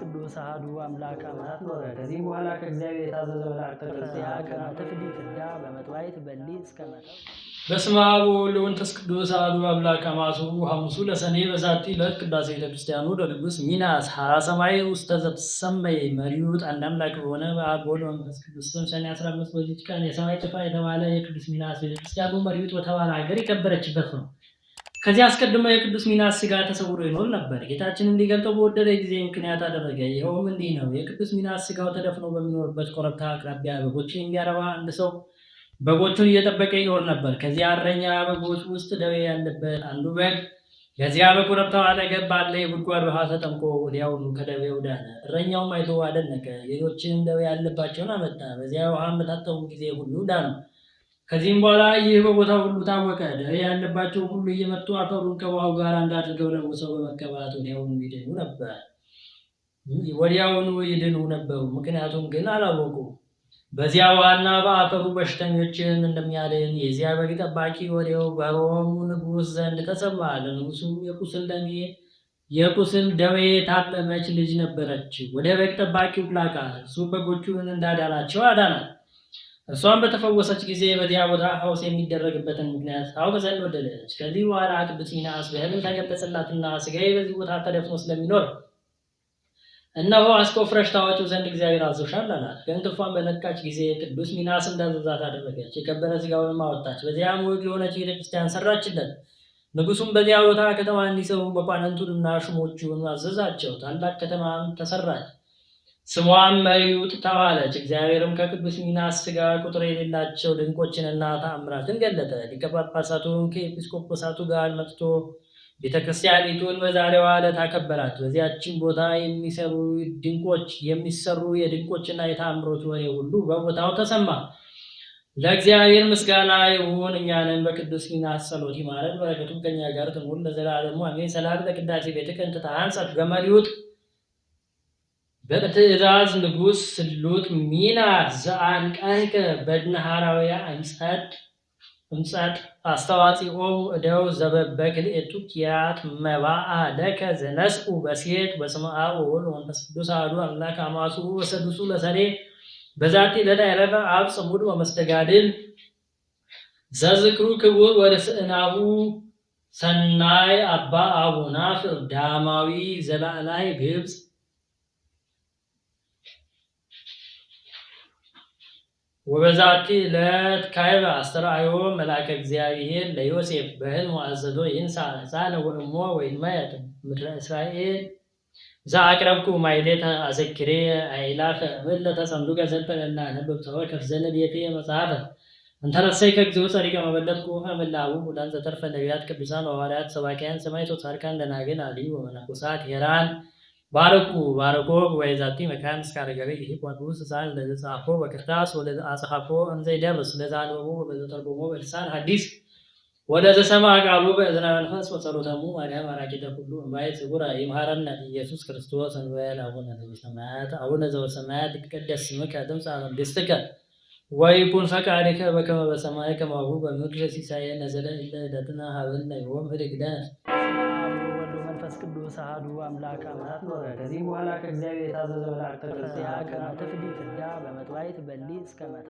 ቅዱስ አህዱ አምላክ አማት ኖረ። ከዚህ በኋላ ከእግዚአብሔር የታዘዘ መልአክ ተቀያ ከመተ ፍዲት ዳ በመጥዋይት በሊ እስከ መጣ በስመ አብ ወወልድ ወመንፈስ ቅዱስ አሐዱ አምላክ አማሱ ሐሙሱ ለሰኔ በዛቲ ዕለት ቅዳሴ ቤተ ክርስቲያኑ ለንጉሥ ሚናስ ሰማይ ውስጥ ተዘሰመይ መሪው አንድ አምላክ በሆነ በአብ ወወልድ ወመንፈስ ቅዱስ ስም ሰኔ 15 በዚች ቀን የሰማይ ጭፍራ የተባለ የቅዱስ ሚናስ ቤተክርስቲያኑ መሪው በተባለ ሀገር የከበረችበት ነው። ከዚህ አስቀድሞ የቅዱስ ሚናስ ስጋ ተሰውሮ ይኖር ነበር። ጌታችን እንዲገልጠው በወደደ ጊዜ ምክንያት አደረገ። ይኸውም እንዲህ ነው። የቅዱስ ሚናስ ስጋው ተደፍኖ በሚኖርበት ኮረብታ አቅራቢያ በጎችን የሚያረባ አንድ ሰው በጎቹን እየጠበቀ ይኖር ነበር። ከዚያ እረኛ በጎች ውስጥ ደዌ ያለበት አንዱ በግ ከዚያ በኮረብታው አጠገብ ባለ የጉድጓድ ውሃ ተጠምቆ ወዲያውኑ ከደዌው ዳነ። እረኛውም አይቶ አደነቀ። ሌሎችንም ደዌ ያለባቸውን አመጣ። በዚያ ውሃ በታጠቡ ጊዜ ሁሉ ዳነው። ከዚህም በኋላ ይህ በቦታው ሁሉ ታወቀ። ደዌ ያለባቸው ሁሉ እየመጡ አፈሩን ከውሃው ጋር አንድ አድርገው ለውሰው በመቀባት ወዲያውኑ ይድኑ ነበር ወዲያውኑ ይድኑ ነበሩ። ምክንያቱም ግን አላወቁ። በዚያ ውሃና በአፈሩ በሽተኞችን እንደሚያድን የዚያ በግ ጠባቂ ወዲያው በሮሙ ንጉሥ ዘንድ ተሰማ። ለንጉሱ የቁስል ደሜ የቁስል ደዌ የታመመች ልጅ ነበረች። ወደ በግ ጠባቂው ላካ። እሱ በጎቹን እንዳዳናቸው አዳናል። እሷን በተፈወሰች ጊዜ በዚያ ቦታ ሐውስ የሚደረግበትን ምክንያት ታውቅ ዘንድ ወደደች። ከዚህ በኋላ ቅዱስ ፊንሐስ በሕልም ተገለጸላትና በዚህ ቦታ ተደፍኖ ስለሚኖር እነሆ አስቆፍረሽ ታወጪው ዘንድ እግዚአብሔር አዞሻል አላት። ከእንቅልፏን በነቃች ጊዜ ቅዱስ ሚናስ እንዳዘዛት አደረገች። የከበረ ሥጋውንም አወጣች። በዚያም ውብ የሆነች ቤተክርስቲያን ሰራችለት። ንጉሱም በዚያ ቦታ ከተማ እንዲሰሩ መኳንንቱንና ሹሞቹን አዘዛቸው። ታላቅ ከተማም ተሰራች። ስሟም እዩት ተባለች። እግዚአብሔርም ከቅዱስ ሚናስ ጋር ቁጥር የሌላቸው ድንቆችንና ተአምራትን ገለጠ። ሊቀ ጳጳሳቱም ከኤጲስቆጶሳቱ ጋር መጥቶ ቤተክርስቲያኒቱን በዛሬዋ ዕለት አከበራት። በዚያችን ቦታ የሚሰሩ ድንቆች የሚሰሩ የድንቆችና የተአምሮት ወሬ ሁሉ በቦታው ተሰማ። ለእግዚአብሔር ምስጋና ይሁን። እኛንን በቅዱስ ሚናስ ጸሎት ይማረን፣ በረከቱም ከኛ ጋር ትኑር ለዘላለሙ አሜን። ሰላም ለቅዳሴ ቤትከ እንተ ተሐንጸት ገመ በትእዛዝ ንጉሥ ስሉጥ ሚና ዘአንቀህከ በድንሃራውያ እምጸድ እምጸድ አስተዋጽኦ እደው ዘበበክል እቱ ኪያት መባአ ለከ ዘነስኡ በሴት በስምአ ወወልድ ወመንፈስ ቅዱስ አሐዱ አምላክ አማሱ ወሰዱሱ ለሰኔ በዛቲ ዕለት ዐረፈ አብ ጽሙድ ወመስተጋድል ዘዝክሩ ክቡር ወርስእናሁ ሰናይ አባ አቡና ፍርዳማዊ ዘላዕላይ ግብጽ ወበዛቲ ዕለት ካዕበ አስተርአዮ መልአከ እግዚአብሔር ለዮሴፍ በሕልሙ አዘዞ ይንሣ ሕፃነ ወእሞ ወይልማያት ምድረ እስራኤል ዘአቅረብኩ ማሕሌተ አዘኪሬ አእላፈ እምእለ ተጸምዱገ ዘልፈ ለእናነብብ ሰወ ከፍ ዘንድ ቤቴ መጽሐፈ እንተረሰይከ እግዚኦ ጸሪቀ መበለትኩ እምእለ ኀቡብ ሙዳን ዘተርፈ ነቢያት ቅዱሳን ሐዋርያት ሰባክያን ሰማዕታት ጻድቃን ደናግል አልዩ ወመነኮሳት ሄራን ባረቁ ባረቆ ወይዛቲ መካን እስካለ ገበ ይሄ ቋጡ ስሳን ለዘጻፎ በክርታስ ወደ አጽሐፎ እንዘይደርስ ለዛንበቡ በዘተርጎሞ በልሳን ሐዲስ ወለዘሰማ ዘሰማ ቃሉ በእዝነ መንፈስ ወጸሎተሙ ማርያም አራቂተ ሁሉ እምባይ ጽጉራ ይምሃረነ ኢየሱስ ክርስቶስ እንበል አቡነ ዘበሰማያት አቡነ ዘበሰማያት ይትቀደስ ስምከ ትምጻእ መንግሥትከ ወይኩን ፈቃድከ በከመ በሰማይ ከማሁ በምድር ሲሳየነ ዘለለ ዕለትነ ሀበነ ዮም ህድግ መንፈስ ቅዱስ አህዱ አምላክ አማራት ኖረ። ከዚህ በኋላ ከእግዚአብሔር የታዘዘ መልአክ ተገልጾ ያ ከመ ትፍዲ ፍዳ በመጥዋዕት በሊ እስከ መታ